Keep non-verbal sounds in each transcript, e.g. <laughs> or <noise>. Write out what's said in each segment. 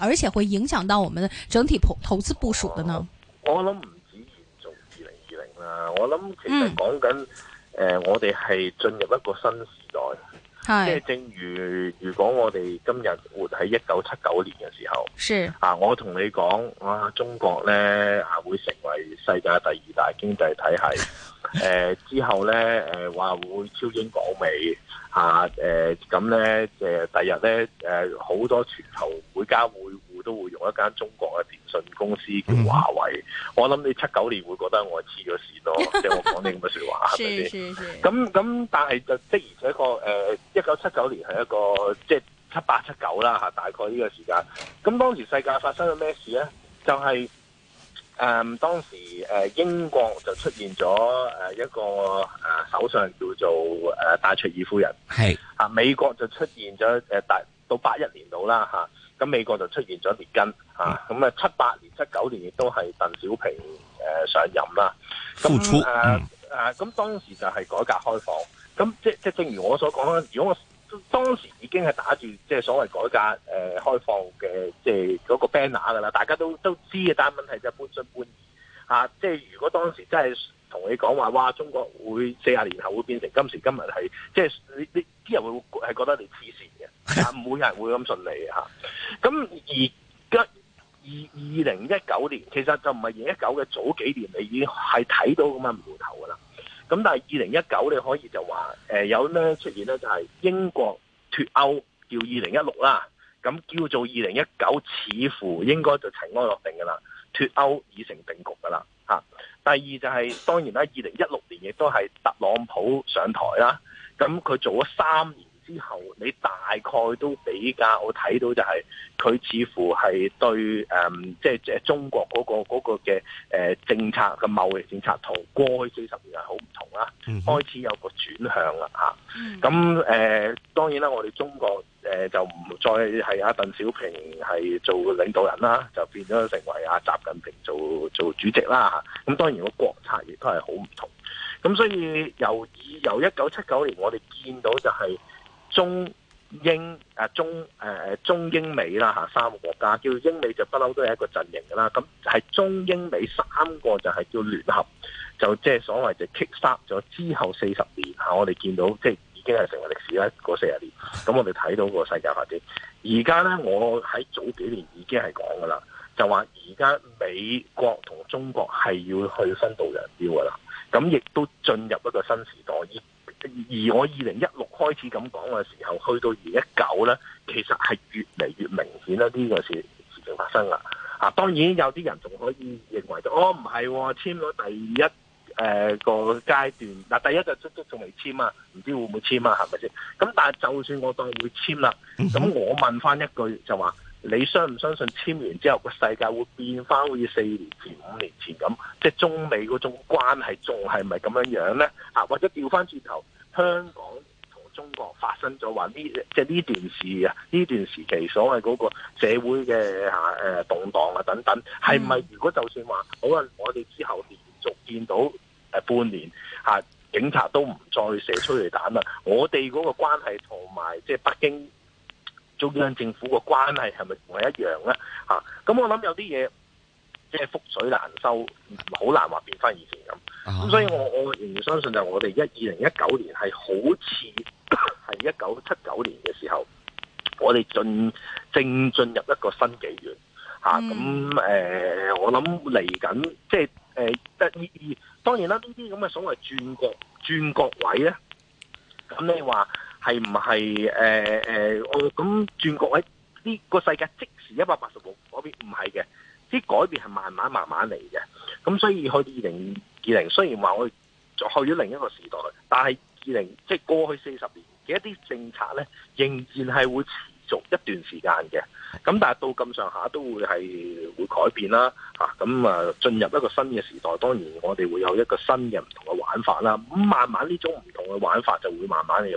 而且會影響到我們的整體投投資部署的呢？我諗唔止嚴重二零二零啦，我諗其實講緊誒，我哋係進入一個新時代。即係正如如果我哋今日活喺一九七九年嘅時候，是啊，我同你講，哇，中國咧啊會成為世界第二大經濟體系， <laughs> 啊、之後咧誒話會超英趕美，嚇誒咁咧誒第日咧誒好多全球會交會。都會用一間中國嘅電信公司叫華為，我諗你七九年會覺得我黐咗事多，即係 <laughs> 我講啲咁嘅說話，係咪先？咁咁， <laughs> 但係就的而且確誒，一九七九年係一個即係、呃就是、七八七九啦吓，大概呢個時間。咁當時世界發生咗咩事咧？就係、是。誒、嗯，當時誒、呃、英國就出現咗誒、呃、一個誒首相，叫做誒戴卓爾夫人係是、啊、美國就出現咗誒大到八一年度啦吓，咁、啊啊、美國就出現咗列根啊，咁啊七八年七九年亦都係鄧小平誒、呃、上任啦。付出，誒誒，咁當時就係改革開放，咁即即正如我所講啦，如果我當時已經係打住即係所謂改革誒、呃、開放嘅即係嗰個 banner 噶啦，大家都都知嘅，但係問題就係半信半疑吓。即、啊、係、就是、如果當時真係同你講話，哇，中國會四十年後會變成今時今日係，即、就、係、是、你你啲人會係覺得你黐線嘅，吓、啊，唔會有人會咁順利嘅吓。咁、啊、而家二二零一九年，其實就唔係二一九嘅早幾年，你已經係睇到咁樣苗頭噶啦。咁但係二零一九你可以就話誒、呃、有咩出現咧？就係、是、英國脫歐叫二零一六啦，咁叫做二零一九似乎應該就塵埃落定噶啦，脫歐已成定局噶啦吓。第二就係、是、當然啦，二零一六年亦都係特朗普上台啦，咁佢做咗三年。之後你大概都比較，我睇到就係、是、佢似乎係對誒、嗯，即係即中國嗰、那個嗰嘅、那個、政策嘅、那個那個、貿易政策同過去四十年係好唔同啦，嗯、哼開始有個轉向啦嚇，咁誒當然啦，我哋中國誒、呃、就唔再係阿鄧小平係做領導人啦，就變咗成為阿習近平做做主席啦咁、啊、當然個國策亦都係好唔同。咁所以由以由一九七九年，我哋見到就係、是。中英啊中誒、啊、中英美啦吓三個國家叫英美就不嬲都係一個陣營噶啦，咁係中英美三個就係叫聯合，就即係所謂就 kick start 咗之後四十年吓，我哋見到即係、就是、已經係成為歷史啦。嗰四十年，咁我哋睇到個世界發展。而家咧，我喺早幾年已經係講噶啦，就話而家美國同中國係要去分道揚鑣噶啦，咁亦都進入一個新時代。而我二零一六開始咁講嘅時候，去到二零一九咧，其實係越嚟越明顯啦，呢、呢個事事情發生啦。啊，當然有啲人仲可以認為到，哦，唔係簽咗第一誒個,、呃、個階段，嗱、啊、第一就都都仲未簽啊，唔知會唔會簽啊，係咪先？咁但係就算我當會簽啦，咁我問翻一句就話。你相唔相信簽完之後個世界會變翻好似四年前、五年前咁？即中美嗰種關係仲係咪咁樣樣咧？或者調翻轉頭，香港同中國發生咗話呢，即係呢段時啊，呢段時期所謂嗰個社會嘅嚇誒動盪啊等等，係咪如果就算話好啊，我哋之後連續見到半年警察都唔再射催淚彈啦，我哋嗰個關係同埋即係北京？中央政府嘅關係係咪同我一樣咧？嚇、啊！咁我諗有啲嘢即係覆水難收，好難話變翻以前咁。咁所以我我仍然相信就係我哋一二零一九年係好似係一九七九年嘅時候，我哋進正進入一個新紀元嚇。咁、啊、誒、呃，我諗嚟緊即係誒、呃，當然啦，呢啲咁嘅所謂轉角轉角位咧，咁你話？係唔係誒誒，我咁轉角喺呢個世界即時一百八十度改變唔係嘅，啲改變係慢慢慢慢嚟嘅。咁所以去到二零二零，雖然話我哋去咗另一個時代，但係二零即係過去四十年嘅一啲政策咧，仍然係會持續一段時間嘅。咁但係到咁上下都會係會改變啦，吓咁啊進入一個新嘅時代，當然我哋會有一個新嘅唔同嘅玩法啦。咁慢慢呢種唔同嘅玩法就會慢慢嘅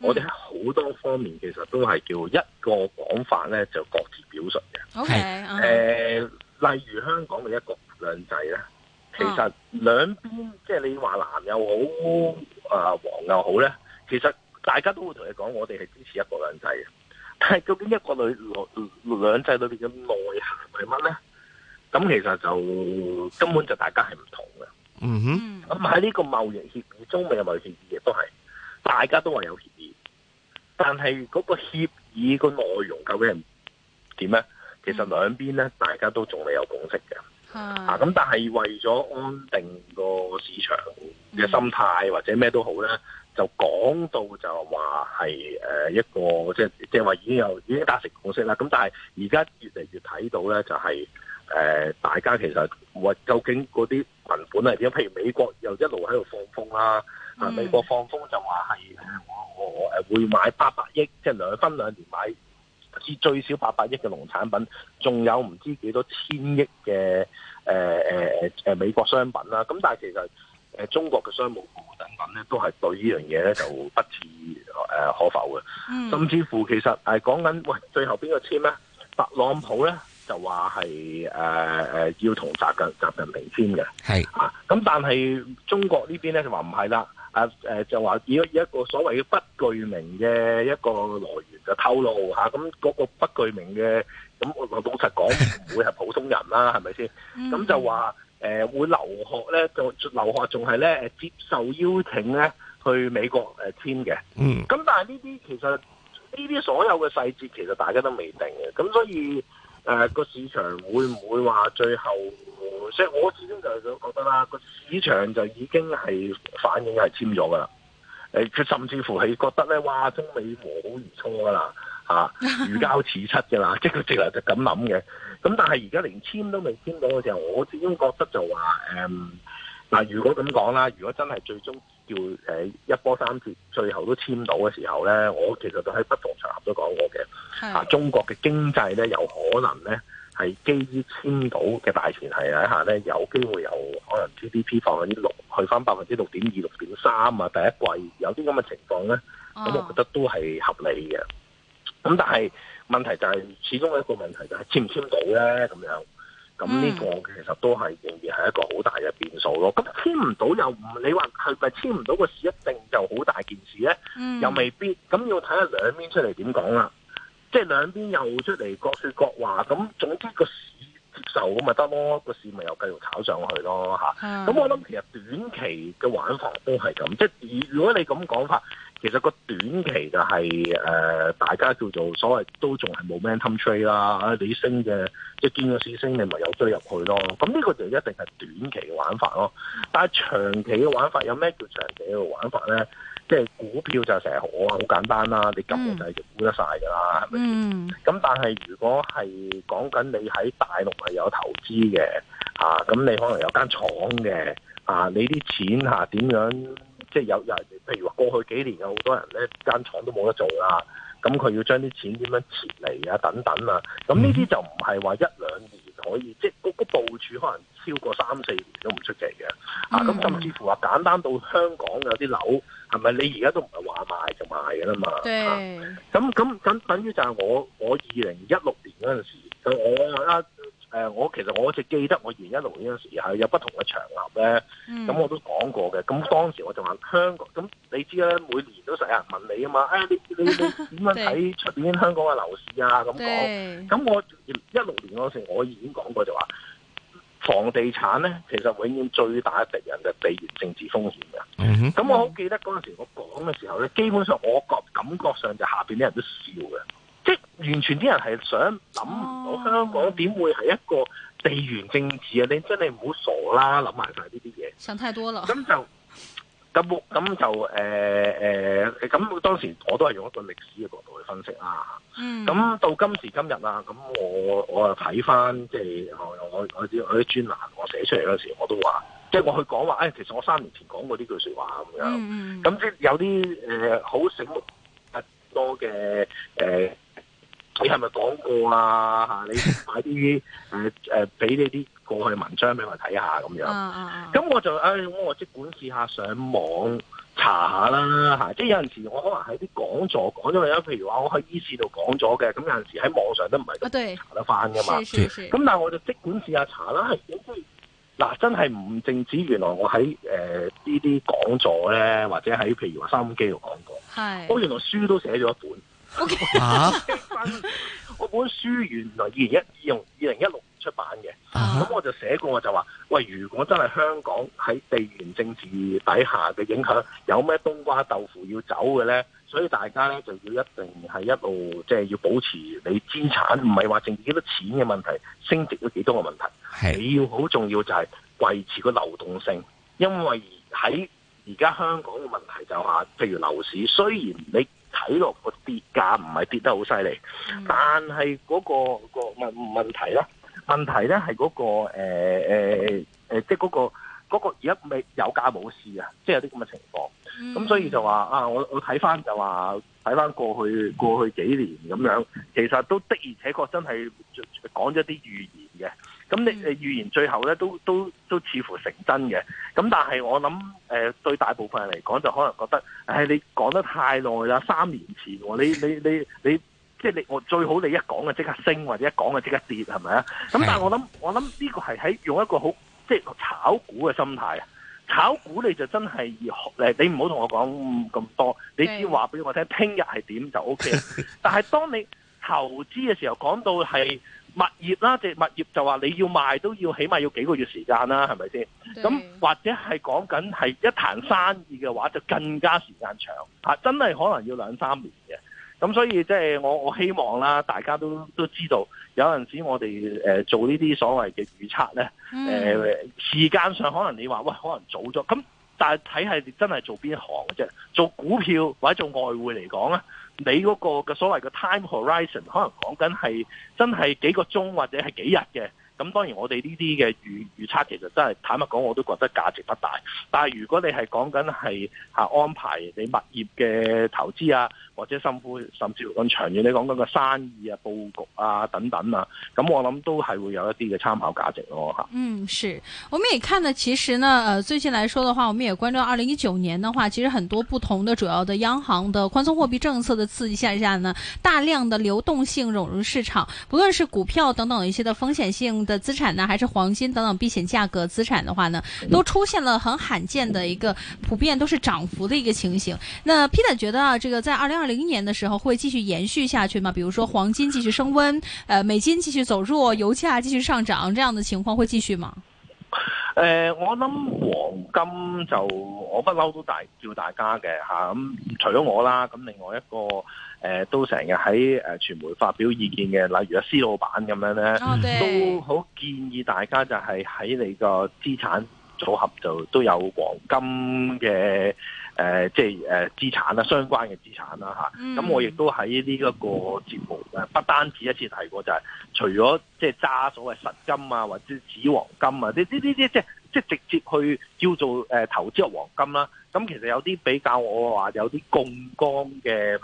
我哋喺好多方面，其實都係叫一個講法咧，就各自表述嘅。OK，誒，例如香港嘅一國兩制咧，其實兩邊即係你話藍又好啊，黃又好咧，其實大家都會同你講，我哋係支持一國兩制嘅。但係究竟一國內內兩制裏邊嘅內涵係乜咧？咁其實就根本就大家係唔同嘅。嗯哼，咁喺呢個貿易協議中美嘅貿易協議亦都係。大家都話有協議，但係嗰個協議個內容究竟係點咧？嗯、其實兩邊咧，大家都仲未有共識嘅。的啊，咁但係為咗安定個市場嘅心態或者咩都好咧、嗯，就講到就話係誒一個即係即係話已經有已經達成共識啦。咁但係而家越嚟越睇到咧、就是，就係誒大家其實或究竟嗰啲文本係點？譬如美國又一路喺度放風啦、啊。嗯、美國放風就話係，我我我誒會買八百億，即係兩分兩年買，至最少八百億嘅農產品，仲有唔知幾多千億嘅誒誒誒誒美國商品啦。咁但係其實誒、呃、中國嘅商務部等等咧，都係對這樣呢樣嘢咧就不置誒、呃、可否嘅。嗯、甚至乎其實係講緊喂，最後邊個簽咧？特朗普咧就話係誒誒要同習近習近平簽嘅，係是啊。咁但係中國這邊呢邊咧就話唔係啦。啊，誒、呃，就話以一個所謂嘅不具名嘅一個來源就透露吓，咁、啊、嗰、嗯嗰個不具名嘅，咁我老實講唔會係普通人啦，係咪先？咁就話誒、呃、會留學呢，就留學仲係呢，接受邀請呢去美國誒簽嘅。嗯、呃，咁 <laughs> 但係呢啲其實呢啲所有嘅細節其實大家都未定嘅，咁所以。誒個、啊、市場會唔會話最後？即係我始終就覺得啦，個市場就已經係反應係簽咗噶啦。誒、啊，佢甚至乎係覺得咧，哇，中美和好如初噶啦，嚇如膠似漆噶啦，即係佢直頭就咁諗嘅。咁但係而家連簽都未簽到嘅時候，我始終覺得就話誒，嗱、嗯啊，如果咁講啦，如果真係最終，要誒一波三折，最後都簽到嘅時候咧，我其實都喺不同場合都講過嘅。嚇是、啊，中國嘅經濟咧有可能咧係基於簽到嘅大前提底下咧，有機會有可能 GDP 放喺啲六，去返百分之六點二、六點三啊，第一季有啲咁嘅情況咧，咁、哦、我覺得都係合理嘅。咁但係問題就係、是，始終有一個問題就係簽唔簽到咧咁樣。咁呢個其實都係仍然係一個好大嘅變數咯。咁簽唔到又唔，你話係咪簽唔到個事一定就好大件事咧？嗯、又未必。咁要睇下兩邊出嚟點講啦。即、就、係、是、兩邊又出嚟各説各話，咁總之個事。接受咁咪得咯，個市咪又繼續炒上去咯嚇。咁我諗其實短期嘅玩法都係咁，即係如果你咁講法，其實個短期就係、是、誒、呃、大家叫做所謂都仲係冇 momentum trade 啦。你升嘅即係見個市升，你咪又追入去咯。咁呢個就一定係短期嘅玩法咯。但係長期嘅玩法有咩叫長期嘅玩法咧？即係股票就成日好好簡單啦，嗯、你今年就係估得晒㗎啦，係咪？咁、嗯、但係如果係講緊你喺大陸係有投資嘅，啊，咁你可能有間廠嘅，啊，你啲錢嚇、啊、點樣？即係有有，譬如話過去幾年有好多人咧間廠都冇得做啦，咁佢要將啲錢點樣撤離啊，等等啊，咁呢啲就唔係話一兩年可以，嗯、即係個個部署可能超過三四年都唔出奇嘅。嗯、啊，咁甚至乎話簡單到香港有啲樓。係咪你而家都唔係話買就買嘅啦嘛？對，咁咁咁等於就係我我二零一六年嗰陣時，就我啊誒、呃、我其實我一直記得我二零一六年嗰陣時有不同嘅場合咧，咁、嗯、我都講過嘅。咁當時我就話香港，咁你知啦，每年都成日問你啊嘛，啊、哎、你你你點樣睇出面香港嘅樓市啊咁講。咁 <laughs> 對我一六年嗰時我已經講過就話、是。房地產咧，其實永遠最大嘅敵人就地緣政治風險嘅。咁，嗯哼，我好記得嗰陣時我講嘅時候咧，基本上我覺感覺上就下邊啲人都笑嘅，即係完全啲人係想諗唔到香港點會係一個地緣政治啊？你真係唔好傻啦，諗埋晒呢啲嘢。想太多了。咁就。咁咁就誒誒，咁，呃呃，當時我都係用一個歷史嘅角度去分析啦。嗯。咁到今時今日啦，咁我我又睇翻，即係我我啲我啲專欄我寫出嚟嗰時，我都我話，即係我去講話，誒，其實我三年前講過呢句説話咁樣。咁即係有啲誒好醒目，呃，特多嘅誒。呃你係咪講過啦？嚇！你快啲誒俾你啲過去文章俾我睇下咁樣。咁、 <laughs> 啊、我就誒、哎，我即管試下上網查下啦嚇。即、啊嗯就是、有陣時我可能喺啲講座講咗啦，譬如話我喺醫事度講咗嘅，咁有陣時喺網上都唔係查得翻噶嘛。咁但我就即管試，試，查管試查下查啦。嗱，Şimdi, ối, 真係唔淨止，原來我喺誒呢啲講座咧，或者喺譬如收音機度講過。我原來書都寫咗一本。是說 ied Okay. <laughs> 我本書原來二零一二零二零一六年出版嘅，咁我就寫過，我就話：喂，如果真係香港喺地緣政治底下嘅影響有咩冬瓜豆腐要走嘅咧，所以大家咧就要一定係一路即係、就是、要保持你資產，唔係話剩幾多錢嘅問題，升值咗幾多嘅問題，係你要好重要就係維持個流動性，因為喺而家香港嘅問題就話譬如樓市，雖然你。睇落個跌價唔係跌得好犀利，嗯、但係嗰、嗰個、嗰個問問題咧，問題咧係嗰個誒誒、欸欸、即係、嗰、嗰個而家未有價冇市啊，即、就、係、係、有啲咁嘅情況，咁、嗯、所以就話啊，我我睇翻就話睇翻過去過去幾年咁樣，其實都的而且確真係講咗啲預言嘅。咁你誒預言最後咧都都都似乎成真嘅，咁但係我諗誒、呃、對大部分人嚟講就可能覺得誒、哎、你講得太耐啦，三年前你你你你即係你我最好你一講就即刻升，或者一講就即刻跌係咪啊？咁的但係我諗我諗呢個係喺用一個好即係炒股嘅心態啊，炒股你就真係以誒你唔好同我講咁、嗯、多，你只要話俾我聽，聽日係點就 OK。但係當你投資嘅時候講到係。物業啦、啊，即係物業就話你要賣都要起碼要幾個月時間啦、啊，係咪先？咁對或者係講緊係一盤生意嘅話，就更加時間長吓、啊，真係可能要兩三年嘅。咁所以即係我我希望啦，大家都都知道，有陣時我哋誒、呃、做呢啲所謂嘅預測咧，誒、嗯呃、時間上可能你話喂、呃、可能早咗，咁但係睇係真係做邊一行嘅、啊、啫，做股票或者做外匯嚟講咧。你嗰個嘅所謂嘅 time horizon，可能講緊係真係幾個鐘或者係幾日嘅。咁當然我哋呢啲嘅預預測，其實真係坦白講，我都覺得價值不大。但係如果你係講緊係吓安排你物業嘅投資啊，或者甚至甚至按長遠你講緊個生意啊、佈局啊等等啊，咁我諗都係會有一啲嘅參考價值咯、吓、嗯，是，我們也看呢，其實呢，呃最近來說的話，我們也關注二零一九年的話，其實很多不同的主要的央行的寬鬆貨幣政策的刺激下下呢，大量的流動性融入市場，不論是股票等等一些的風險性。的資產呢，還是黃金等等避險價格資產的話呢，都出現了很罕見的一個普遍都是漲幅的一個情形。那 Peter 覺得啊，這個在二零二零年的時候會繼續延續下去嗎？比如說黃金繼續升溫，呃，美金繼續走弱，油價繼續上漲，這樣的情況會繼續嗎？誒、呃，我諗黃金就我不嬲都大叫大家嘅吓，咁、啊、除咗我啦，咁另外一個。誒、呃，都成日喺誒傳媒發表意見嘅，例如阿施老闆咁樣咧，oh, dear. 都好建議大家就係喺你個資產組合就都有黃金嘅誒、呃，即係誒資產啦，相關嘅資產啦吓。咁、啊 mm hmm. 我亦都喺呢一個節目誒，不單止一次提過、就是，就係除咗即係揸所謂實金啊，或者紙黃金啊，啲啲啲即係即係直接去叫做誒、呃、投資入黃金啦、啊。咁其實有啲比較，我話有啲槓桿嘅。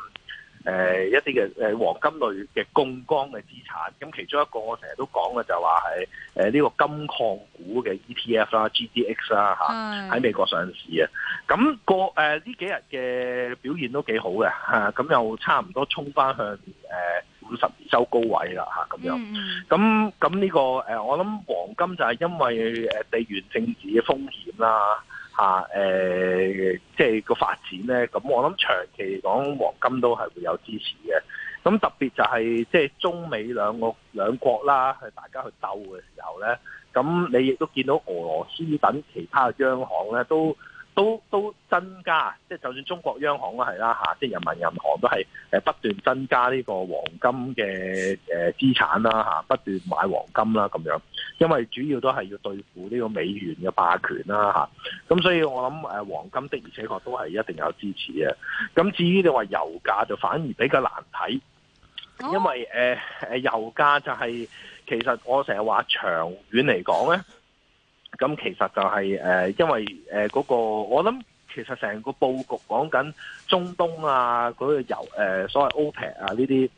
誒、呃、一啲嘅誒黃金類嘅槓桿嘅資產，咁其中一個我成日都講嘅就話係誒呢個金礦股嘅 ETF 啦、GDX 啦喺美國上市啊，咁、那個誒呢、呃、幾日嘅表現都幾好嘅咁、啊、又差唔多衝翻向誒五十二周高位啦咁、啊、樣，咁咁呢個、呃、我諗黃金就係因為誒地緣政治嘅風險啦、啊。啊，誒、呃，即係個發展咧，咁我諗長期嚟講，黃金都係會有支持嘅。咁特別就係即係中美兩個兩國啦，係大家去鬥嘅時候咧，咁你亦都見到俄羅斯等其他嘅央行咧都，都都增加，即係就算中國央行都係啦嚇，即係人民銀行都係不斷增加呢個黃金嘅誒資產啦嚇，不斷買黃金啦咁樣，因為主要都係要對付呢個美元嘅霸權啦嚇。咁所以我諗誒黃金的而且確都係一定有支持嘅。咁至於你話油價就反而比較難睇，因為誒誒油價就係、是、其實我成日話長遠嚟講咧。咁其實就係、是、誒、呃，因為誒嗰、呃嗰個我諗，其實成個佈局講緊中東啊，嗰、那個油誒、呃、所謂 OPEC 啊呢啲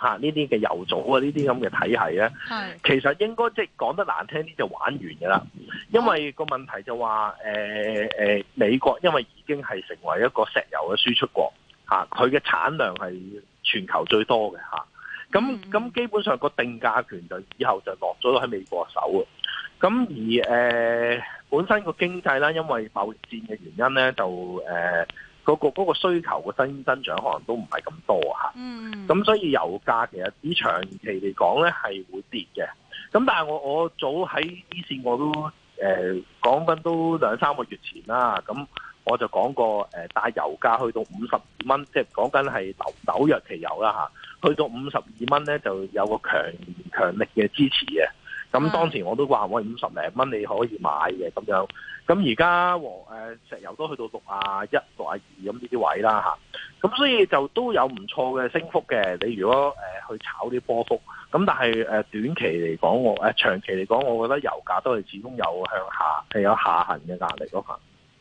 嚇呢啲嘅油組啊呢啲咁嘅體系咧，是其實應該即係講得難聽啲就玩完嘅啦。因為個問題就話誒誒美國，因為已經係成為一個石油嘅輸出國嚇，佢、啊、嘅產量係全球最多嘅嚇。咁、啊、咁基本上個定價權就以後就落咗喺美國手咁而誒、呃、本身個經濟啦，因為貿戰嘅原因咧，就誒嗰、呃那個嗰、那個需求個增增長可能都唔係咁多，嗯，咁所以油價其實依長期嚟講咧，係會跌嘅。咁但係我我早喺呢線我都誒、呃、講緊都兩三個月前啦。咁我就講過誒、呃，帶油價去到五十二蚊，即、就、係、是、講緊係紐紐約期油啦去到五十二蚊咧就有個強強，強力嘅支持嘅。咁、嗯、當時我都話，我五十零蚊你可以買嘅咁樣。咁而家，呃，石油都去到六啊一、六啊二咁呢啲位啦嚇。咁所以就都有唔錯嘅升幅嘅。你如果、呃、去炒啲波幅，咁但係、呃、短期嚟講我長、呃、長期嚟講，我覺得油價都係始終有向下係有下行嘅壓力咯嚇。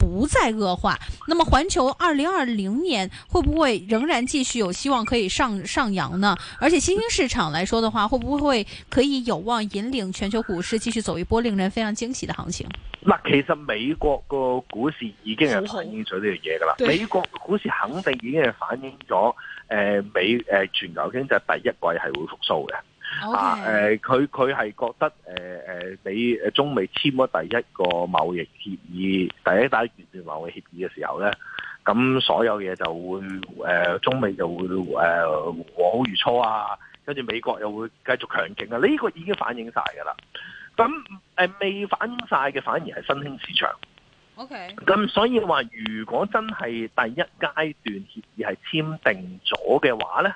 不再惡化，那麼環球二零二零年會不會仍然繼續有希望可以上上揚呢？而且新興市場來說的話，會不會可以有望引領全球股市繼續走一波令人非常驚喜的行情？嗱，其實美國個股市已經係反映咗呢樣嘢噶啦，美國股市肯定已經係反映咗誒美誒全球經濟第一季係會復甦嘅。Okay. 啊，誒、呃，佢佢係覺得誒誒，你、呃、誒、呃、中美簽咗第一個貿易協議，第一單貿易協議嘅時候咧，咁所有嘢就會誒、呃，中美就會誒，和、呃、好如初啊，跟住美國又會繼續強勁啊，呢、這個已經反映晒噶啦。咁誒未反映晒嘅反而係新興市場。O K。咁所以話，如果真係第一階段協議係簽訂咗嘅話咧？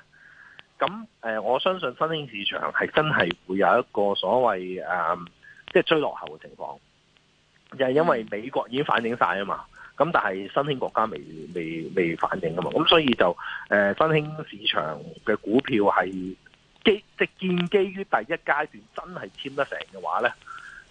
咁誒，我相信新興市場係真係會有一個所謂誒，即、嗯、係、就是、追落後嘅情況，就係、是、因為美國已經反映晒啊嘛，咁但係新興國家未未未反映啊嘛，咁所以就誒、嗯、新興市場嘅股票係基即建基於第一階段真係簽得成嘅話咧，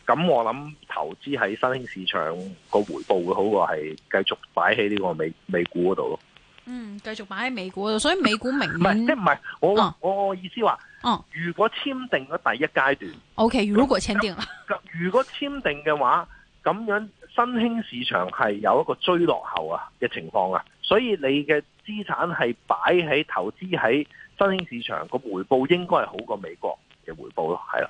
咁我諗投資喺新興市場個回報會好過係繼續擺喺呢個美美股嗰度咯。嗯，繼續擺喺美股度，所以美股明明唔係即唔係我我我意思話，哦，如果簽訂咗第一階段，O K，如果簽訂啦，咁如果簽訂嘅話，咁樣新興市場係有一個追落後啊嘅情況啊，所以你嘅資產係擺喺投資喺新興市場個回報應該係好過美國嘅回報咯，係啦。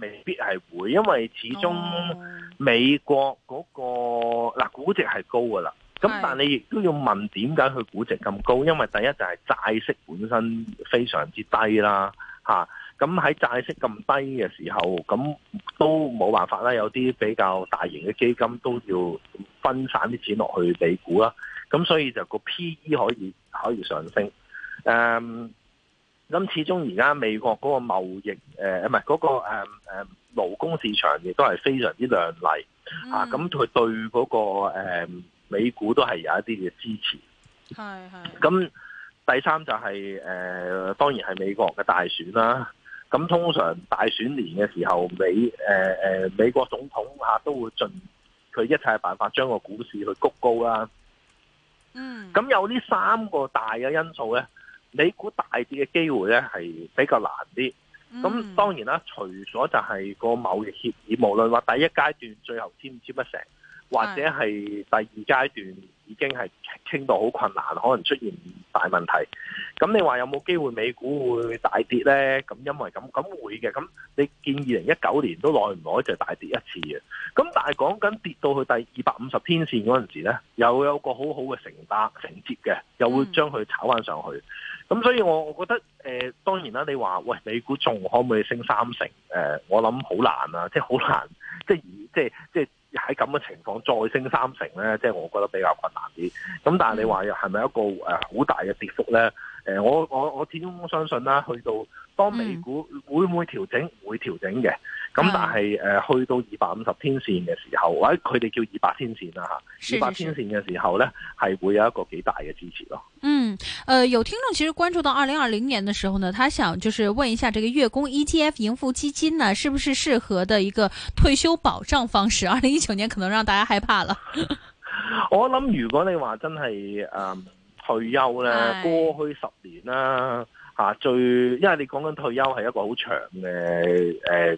未必係會，因為始終美國嗰、那個嗱、oh. 估值係高噶啦，咁、oh. 但係你亦都要問點解佢估值咁高？因為第一就係債息本身非常之低啦、吓、啊，咁喺債息咁低嘅時候，咁都冇辦法啦，有啲比較大型嘅基金都要分散啲錢落去美股啦，咁所以就個 PE 可以可以上升，誒、um,。咁始終而家美國嗰個貿易誒唔係嗰個誒誒、呃呃、勞工市場亦都係非常之亮麗、嗯、啊！咁佢對嗰、那個、呃、美股都係有一啲嘅支持。係係。咁第三就係、是、誒、呃，當然係美國嘅大選啦、啊。咁通常大選年嘅時候，美誒誒、呃、美國總統啊都會盡佢一切嘅辦法將個股市去谷高啦、啊。嗯。咁有呢三個大嘅因素咧。美股大跌嘅機會咧係比較難啲，咁當然啦，除咗就係個貿易協議，無論話第一階段最後簽唔簽不成，或者係第二階段已經係傾到好困難，可能出現大問題。咁你話有冇機會美股會大跌咧？咁因為咁，咁會嘅。咁你見二零一九年都耐唔耐就大跌一次嘅，咁但係講緊跌到去第二百五十天線嗰陣時咧，又有個好好嘅承擔承接嘅，又會將佢炒翻上去。咁所以，我我覺得，誒、呃，當然啦，你話，喂，美股仲可唔可以升三成？誒、呃，我諗好難啊，即係好難，即係，即係，即係喺咁嘅情況再升三成咧，即係我覺得比較困難啲。咁但係你話係咪一個誒好、呃、大嘅跌幅咧？誒、呃，我我我始終相信啦，去到當美股會唔會調整？嗯、會調整嘅。咁但係誒，去到二百五十天線嘅時候，或者佢哋叫二百天線啦吓，二百是天線嘅時候咧，係會有一個幾大嘅支持咯。嗯，誒、呃，有聽眾其實關注到二零二零年嘅時候呢，他想就是問一下，這個月供 ETF 盈富基金呢、啊，是不是適合的一個退休保障方式？二零一九年可能讓大家害怕了。 <laughs> 我諗如果你話真係誒、呃、退休咧，過去十年啦、啊、吓是、啊，最因為你講緊退休係一個好長嘅誒。呃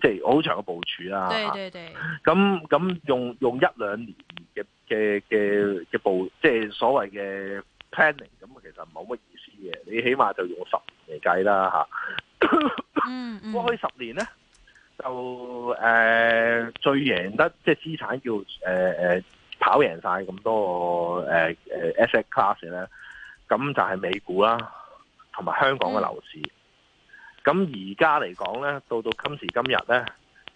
即係好長嘅部署啦、啊，對對對，咁咁用用一兩年嘅嘅嘅嘅部即係所謂嘅 planning，咁其實冇乜意思嘅，你起碼就用十年嚟計啦吓。過去十年咧，就誒、呃、最贏得即係資產叫誒誒、呃、跑贏晒咁多誒誒 asset class 咧，咁就係美股啦、啊，同埋香港嘅樓市。嗯咁而家嚟講呢，到到今時今日呢，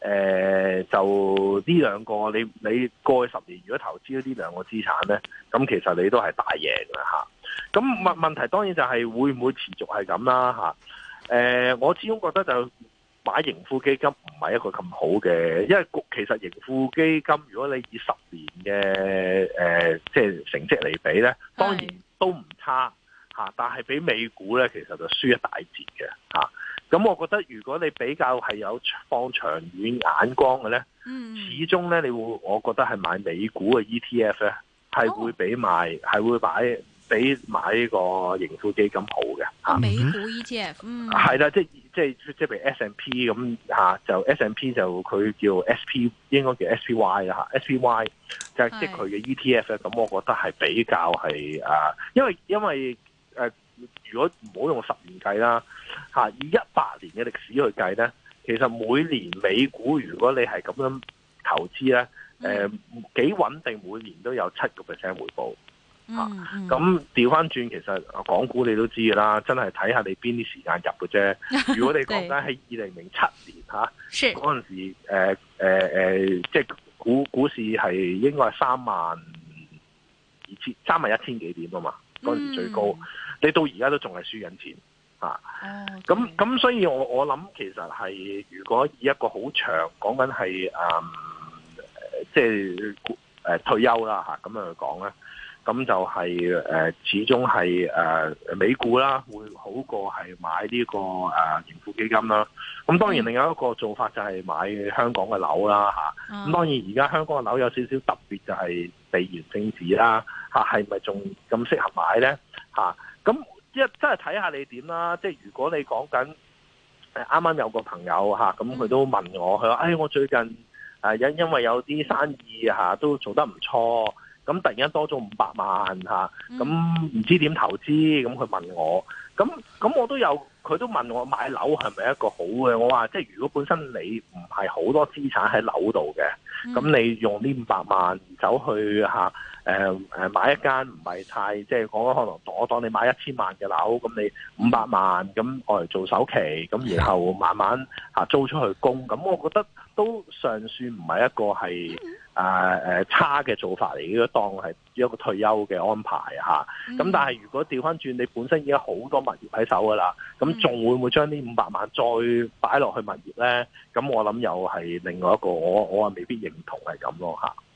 呃、就呢兩個你你過去十年如果投資咗呢兩個資產呢，咁其實你都係大贏㗎。嚇、啊。咁問問題當然就係會唔會持續係咁啦。呃、我始終覺得就買盈富基金唔係一個咁好嘅，因為其實盈富基金如果你以十年嘅即係成績嚟比呢，當然都唔差、啊、但係比美股呢，其實就輸一大截嘅。咁我覺得如果你比較係有放長遠眼光嘅咧，嗯、始終咧你會，我覺得係買美股嘅 ETF 咧，係會比買係、哦、會擺比買呢個盈富基金好嘅嚇、哦。美股 ETF，嗯，係啦，即即即譬如 S and P 咁、啊、嚇，就 S and P 就佢叫 S P，應該叫 S P Y 啦嚇，S P Y 就即佢嘅 ETF 咧，咁我覺得係比較係啊、呃，因為因為誒。呃如果唔好用十年計啦，吓，以一百年嘅歷史去計呢，其實每年美股如果你係咁樣投資呢，誒、嗯呃、幾穩定，每年都有七個 percent 回報。咁調翻轉，其實港股你都知嘅啦，真係睇下你邊啲時間入嘅啫。如果你講緊喺二零零七年吓，嗰陣、嗯、時誒誒是、呃呃、即係股股市係應該係三萬二千三萬一千幾點啊嘛，嗰陣時最高。嗯你到而家都仲係輸緊錢嚇，咁咁、啊、所以我，我我諗其實係如果以一個好長，講緊係誒，即係誒退休啦吓，咁樣去講咧，咁就係、是、誒、呃、始終係誒美股啦，會好過係買呢、這個誒、呃、盈富基金啦。咁當然，另外一個做法就係買香港嘅樓啦吓。咁、嗯啊啊、當然，而家香港嘅樓有少少特別，就係地緣政治啦吓，係咪仲咁適合買咧吓？啊即真係睇下你點啦，即係如果你講緊，啱啱有個朋友咁佢都問我，佢話：哎，我最近因因為有啲生意都做得唔錯，咁突然間多咗五百萬嚇，咁唔知點投資，咁佢問我，咁咁我都有，佢都問我買樓係咪一個好嘅？我話，即係如果本身你唔係好多資產喺樓度嘅，咁你用呢五百萬走去誒誒，買一間唔係太即係，我、講、可能我當你買一千萬嘅樓，咁你五百萬咁我嚟做首期，咁然後慢慢啊租出去供，咁我覺得都尚算唔係一個係誒誒差嘅做法嚟，如果當係一個退休嘅安排吓。咁、嗯、但係如果調翻轉，你本身已經好多物業喺手噶啦，咁仲會唔會將呢五百萬再擺落去物業咧？咁我諗又係另外一個，我我啊未必認同係咁咯吓。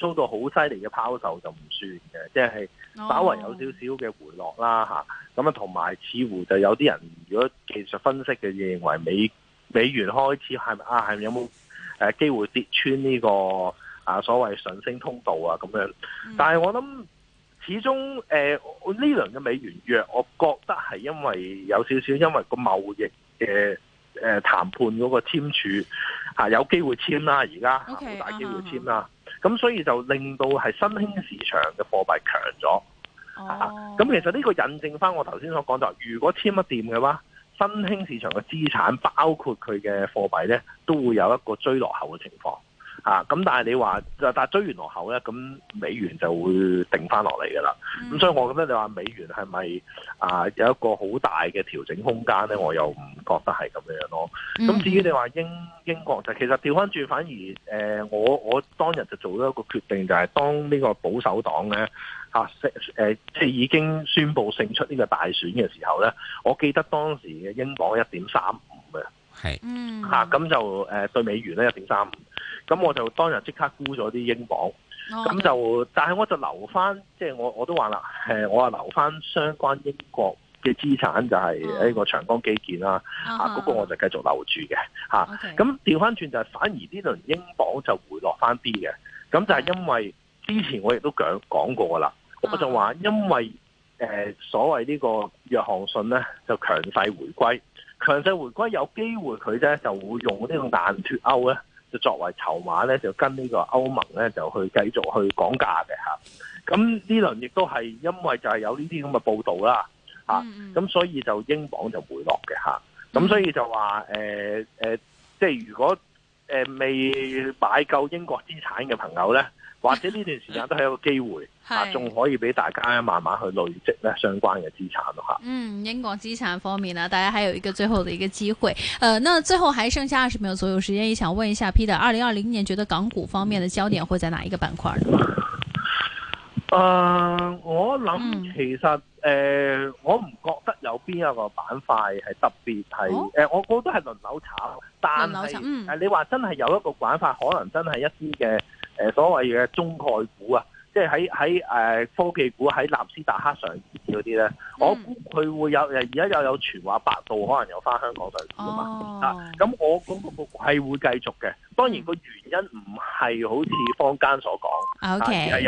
遭到好犀利嘅拋售就唔算嘅，即係稍為有少少嘅回落啦嚇。咁啊，同埋似乎就有啲人如果技術分析嘅認為美美元開始係咪啊，係咪有冇誒機會跌穿呢、呢個啊所謂上升通道啊咁樣？Mm. 但係我諗始終誒呢、呃、輪嘅美元弱，我覺得係因為有少少因為個貿易嘅誒、呃、談判嗰個簽署嚇、啊、有機會簽啦，而家好大機會簽啦。Okay. 嗯咁所以就令到係新興市場嘅貨幣強咗，咁、嗯啊、其實呢個印證翻我頭先所講就係，如果簽唔掂嘅話，新興市場嘅資產包括佢嘅貨幣呢，都會有一個追落後嘅情況。啊！咁但係你話就但追完落後咧，咁美元就會定翻落嚟噶啦。咁、mm hmm. 所以我覺得你話美元係咪啊有一個好大嘅調整空間咧？我又唔覺得係咁樣樣咯。咁至於你話英英國就其實調翻轉反而誒、呃，我我當日就做咗一個決定，就係、是、當呢個保守黨咧吓誒，即、啊、係、啊、已經宣布勝出呢個大選嘅時候咧，我記得當時嘅英鎊一點三。係，吓，咁就誒對美元咧，一點三五，咁我就當日即刻沽咗啲英鎊，咁就但係我就留翻，即係我我都話啦，誒我話留翻相關英國嘅資產就係呢個長江基建啦，吓嗰個我就繼續留住嘅，吓咁調翻轉就係反而呢輪英鎊就回落翻啲嘅，咁就係因為之前我亦都講講過噶啦，我就話因為誒所謂呢個約翰遜咧就強勢回歸。強勢回歸有機會佢咧就會用呢種彈脱歐咧，就作為籌碼咧，就跟呢個歐盟咧就去繼續去講價嘅嚇。咁呢輪亦都係因為就係有呢啲咁嘅報道啦，嚇咁所以就英鎊就回落嘅嚇。咁所以就話誒誒，即係如果，未擺、呃、夠英國資產嘅朋友呢，或者呢段時間都係一個機會，啊，仲可以俾大家慢慢去累積呢相關嘅資產嘅話。嗯，英國資產方面呢，大家還有一個最後嘅一個機會。呃，那最後還剩下二十秒左右時間，也想問一下 Peter，二零二零年覺得港股方面嘅焦點會在哪一個板塊？誒、呃，我諗其實誒、嗯呃，我唔覺得有邊一個板塊係特別係誒，我估都係輪流炒，但係誒、嗯呃，你話真係有一個板塊可能真係一啲嘅誒所謂嘅中概股啊，即係喺喺誒科技股喺納斯達克上市嗰啲咧，嗯、我估佢會有而家又有傳話百度可能有翻香港上市啊嘛，咁、哦啊、我估、個係會繼續嘅，當然個原因唔係好似坊間所講，嗯啊 okay.